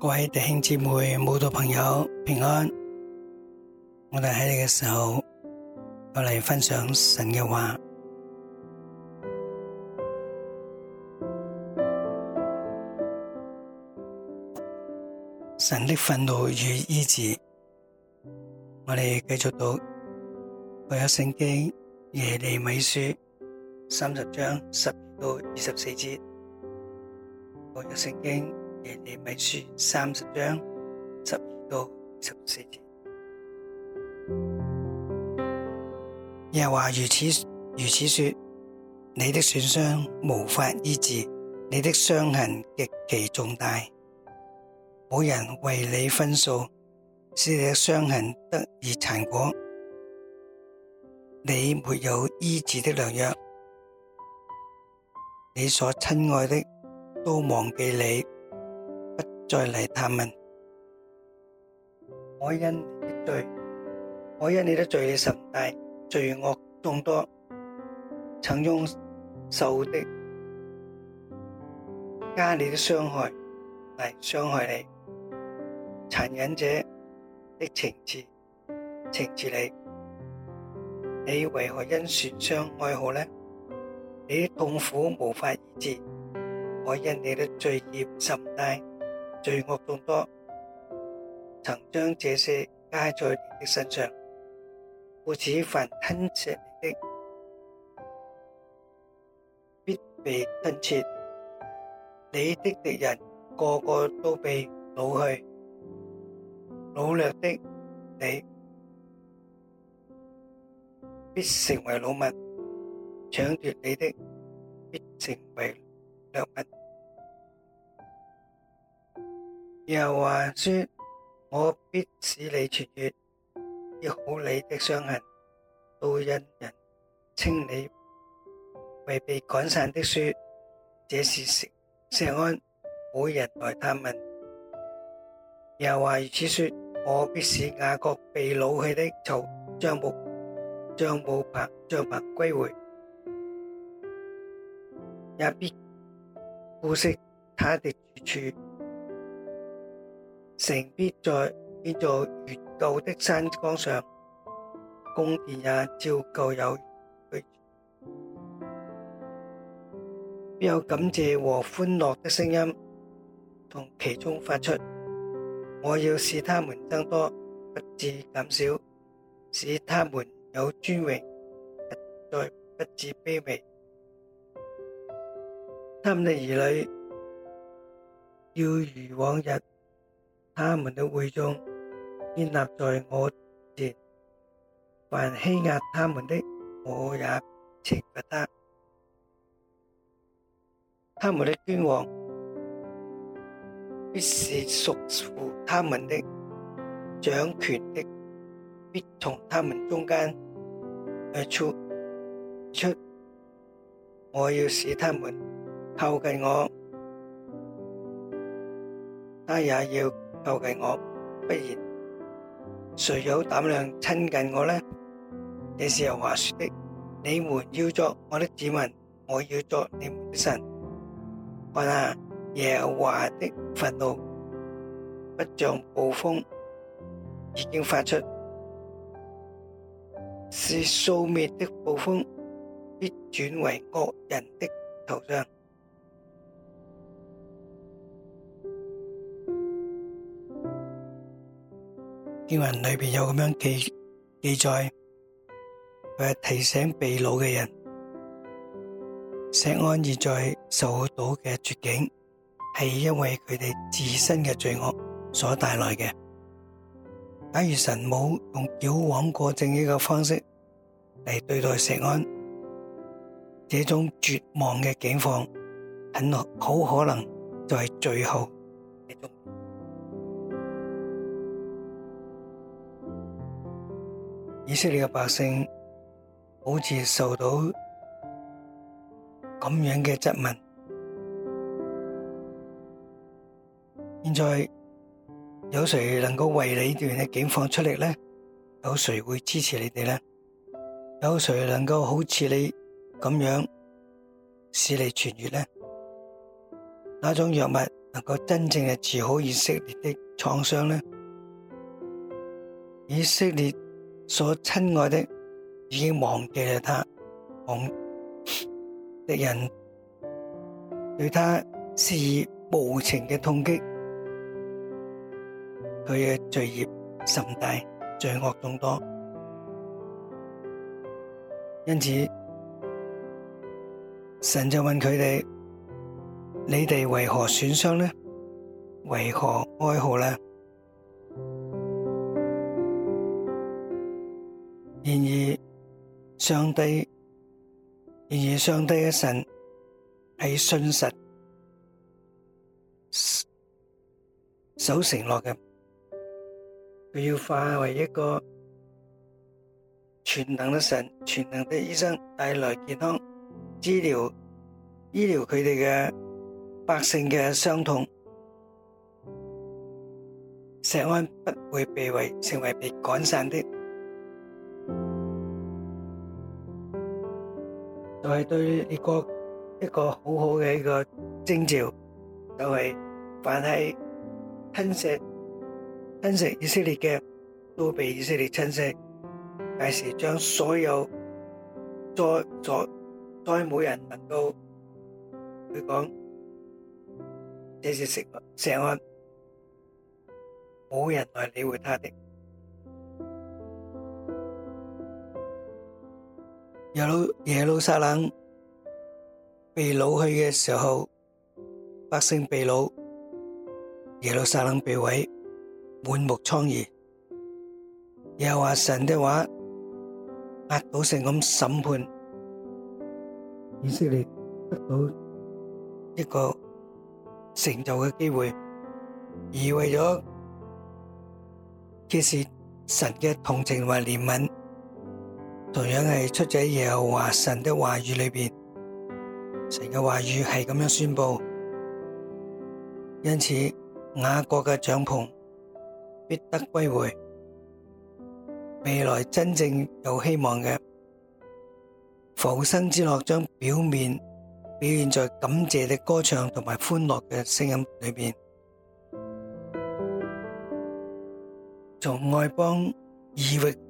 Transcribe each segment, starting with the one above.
各位弟兄姊妹、舞蹈朋友平安，我哋喺呢個時候，我嚟分享神嘅話。神的憤怒與醫治，我哋繼續讀《舊約聖經》耶利米書三十章十到二十四節，《舊約聖經》。耶利米書三十章十二到十四節，耶和華如此如此說：你的損傷無法醫治，你的傷痕極其重大，冇人為你分數，使你的傷痕得以殘果。你沒有醫治的良藥，你所親愛的都忘記你。再嚟探問，我因你的罪，我因你的罪孽甚大，罪惡眾多，曾用受的加你的傷害嚟傷害你，殘忍者的懲治懲治你，你為何因損傷哀號呢？你的痛苦無法醫治，我因你的罪孽甚大。罪惡眾多，曾將這些加在你的身上，故此凡吞吃你的，必被吞吃；你的敵人個個都被擄去，擄掠的你必成為擄物，搶奪你的必成為掠物。又話說，說，我必使你痊癒，醫好你的傷痕，都因人稱你未被趕散的說，這是石安每日來探問。又話如此說，我必使雅各被擄去的曹張木張木伯張伯歸回，也必顧惜他的住處。城必在座越舊的山崗上，宮殿也照舊有兌兌。必有感謝和歡樂的聲音同其中發出。我要使他們增多，不至減少；使他們有尊榮，不再不至卑微。他們的兒女要如往日。他們的會眾建立在我前，凡欺壓他們的，我也切不得。他們的君王必是屬乎他們的，掌權的必從他們中間而出。我要使他們靠近我，他也要。靠近我，不然誰有膽量親近我呢？這是耶華說的。你們要作我的子民，我要作你們的神。看啊，耶華的憤怒不像暴風，已經發出，是掃滅的暴風，必轉為惡人的頭上。經文裏邊有咁樣記記載，佢係提醒被擄嘅人，錫安現在受到嘅絕境，係因為佢哋自身嘅罪惡所帶來嘅。假如神冇用矯枉過正呢個方式嚟對待錫安，這種絕望嘅境況，很好可能就係最後。以色列嘅百姓好似受到咁樣嘅質問，現在有誰能夠為你哋嘅警方出力呢？有誰會支持你哋呢？有誰能夠好似你咁樣視力痊愈呢？哪種藥物能夠真正嘅治好以色列的創傷呢？以色列。所親愛的已經忘記了他，忘的人對他施以無情嘅痛擊，佢嘅罪孽甚大，罪惡眾多，因此神就問佢哋：你哋為何損傷呢？為何哀號呢？然而，上帝，然而上帝嘅神係信實守承諾嘅，佢要化為一個全能的神，全能的醫生，帶來健康治療醫療佢哋嘅百姓嘅傷痛，錫安不會被為成為被趕散的。就是對列國一個好好嘅一個徵兆，就是凡係吞食吞食以色列嘅，都被以色列吞食，但是將所有再災再無人能夠，去講這是食食案，沒人來理會他的。耶路耶路撒冷被擄去嘅時候，百姓被擄，耶路撒冷被毀，滿目瘡痍。又話神的話壓倒性咁審判以色列，得到一個成就嘅機會，而為咗揭示神嘅同情和憐憫。同樣係出在耶和華神的話語裏邊，成個話語係咁樣宣佈，因此雅各嘅帳篷必得歸回。未來真正有希望嘅浮生之樂，將表面表現在感謝的歌唱同埋歡樂嘅聲音裏邊。從愛邦異域。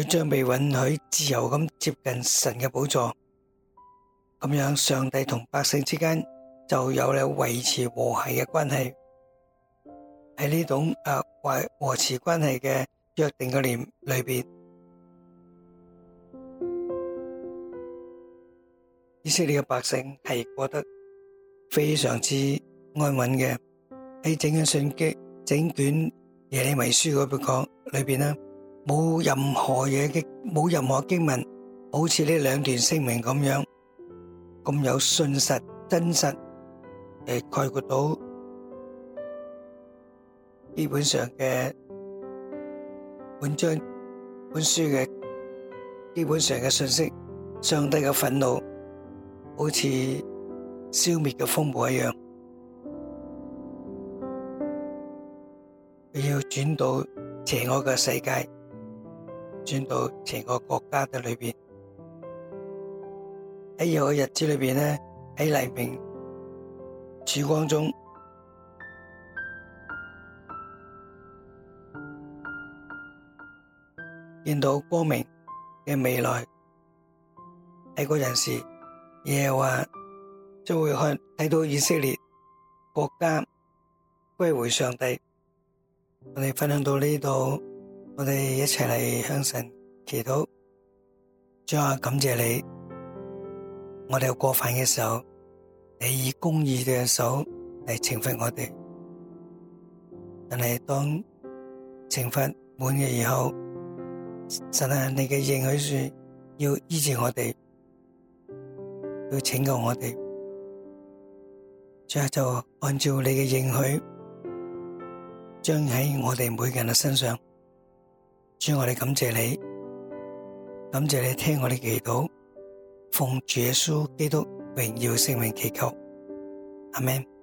佢將被允許自由咁接近神嘅寶座，咁樣上帝同百姓之間就有啦維持和諧嘅關係。喺呢種誒、啊、和諧關係嘅約定嘅年裏邊，以色列嘅百姓係過得非常之安穩嘅。喺整個信經整卷耶利米書嗰邊講裏邊啦。冇任何嘢嘅，冇任何經文，好似呢兩段聲明咁樣，咁有信實、真實，誒概括到基本上嘅本章本書嘅基本上嘅信息，上帝嘅憤怒好似消滅嘅風暴一樣，要轉到邪惡嘅世界。轉到整個國家嘅裏邊，喺以後嘅日子裏邊呢，喺黎明曙光中見到光明嘅未來，喺嗰陣時，耶和華就會看睇到以色列國家歸回上帝。我哋分享到呢度。我哋一齊嚟，向神祈禱。最後感謝你。我哋過犯嘅時候，你以公義嘅手嚟懲罰我哋。但係當懲罰滿嘅以後，神啊，你嘅應許是要醫治我哋，要拯救我哋。最後就按照你嘅應許，將喺我哋每個人嘅身上。主，我哋感謝你，感謝你聽我哋祈禱，奉主耶穌基督榮耀聖名祈求，阿門。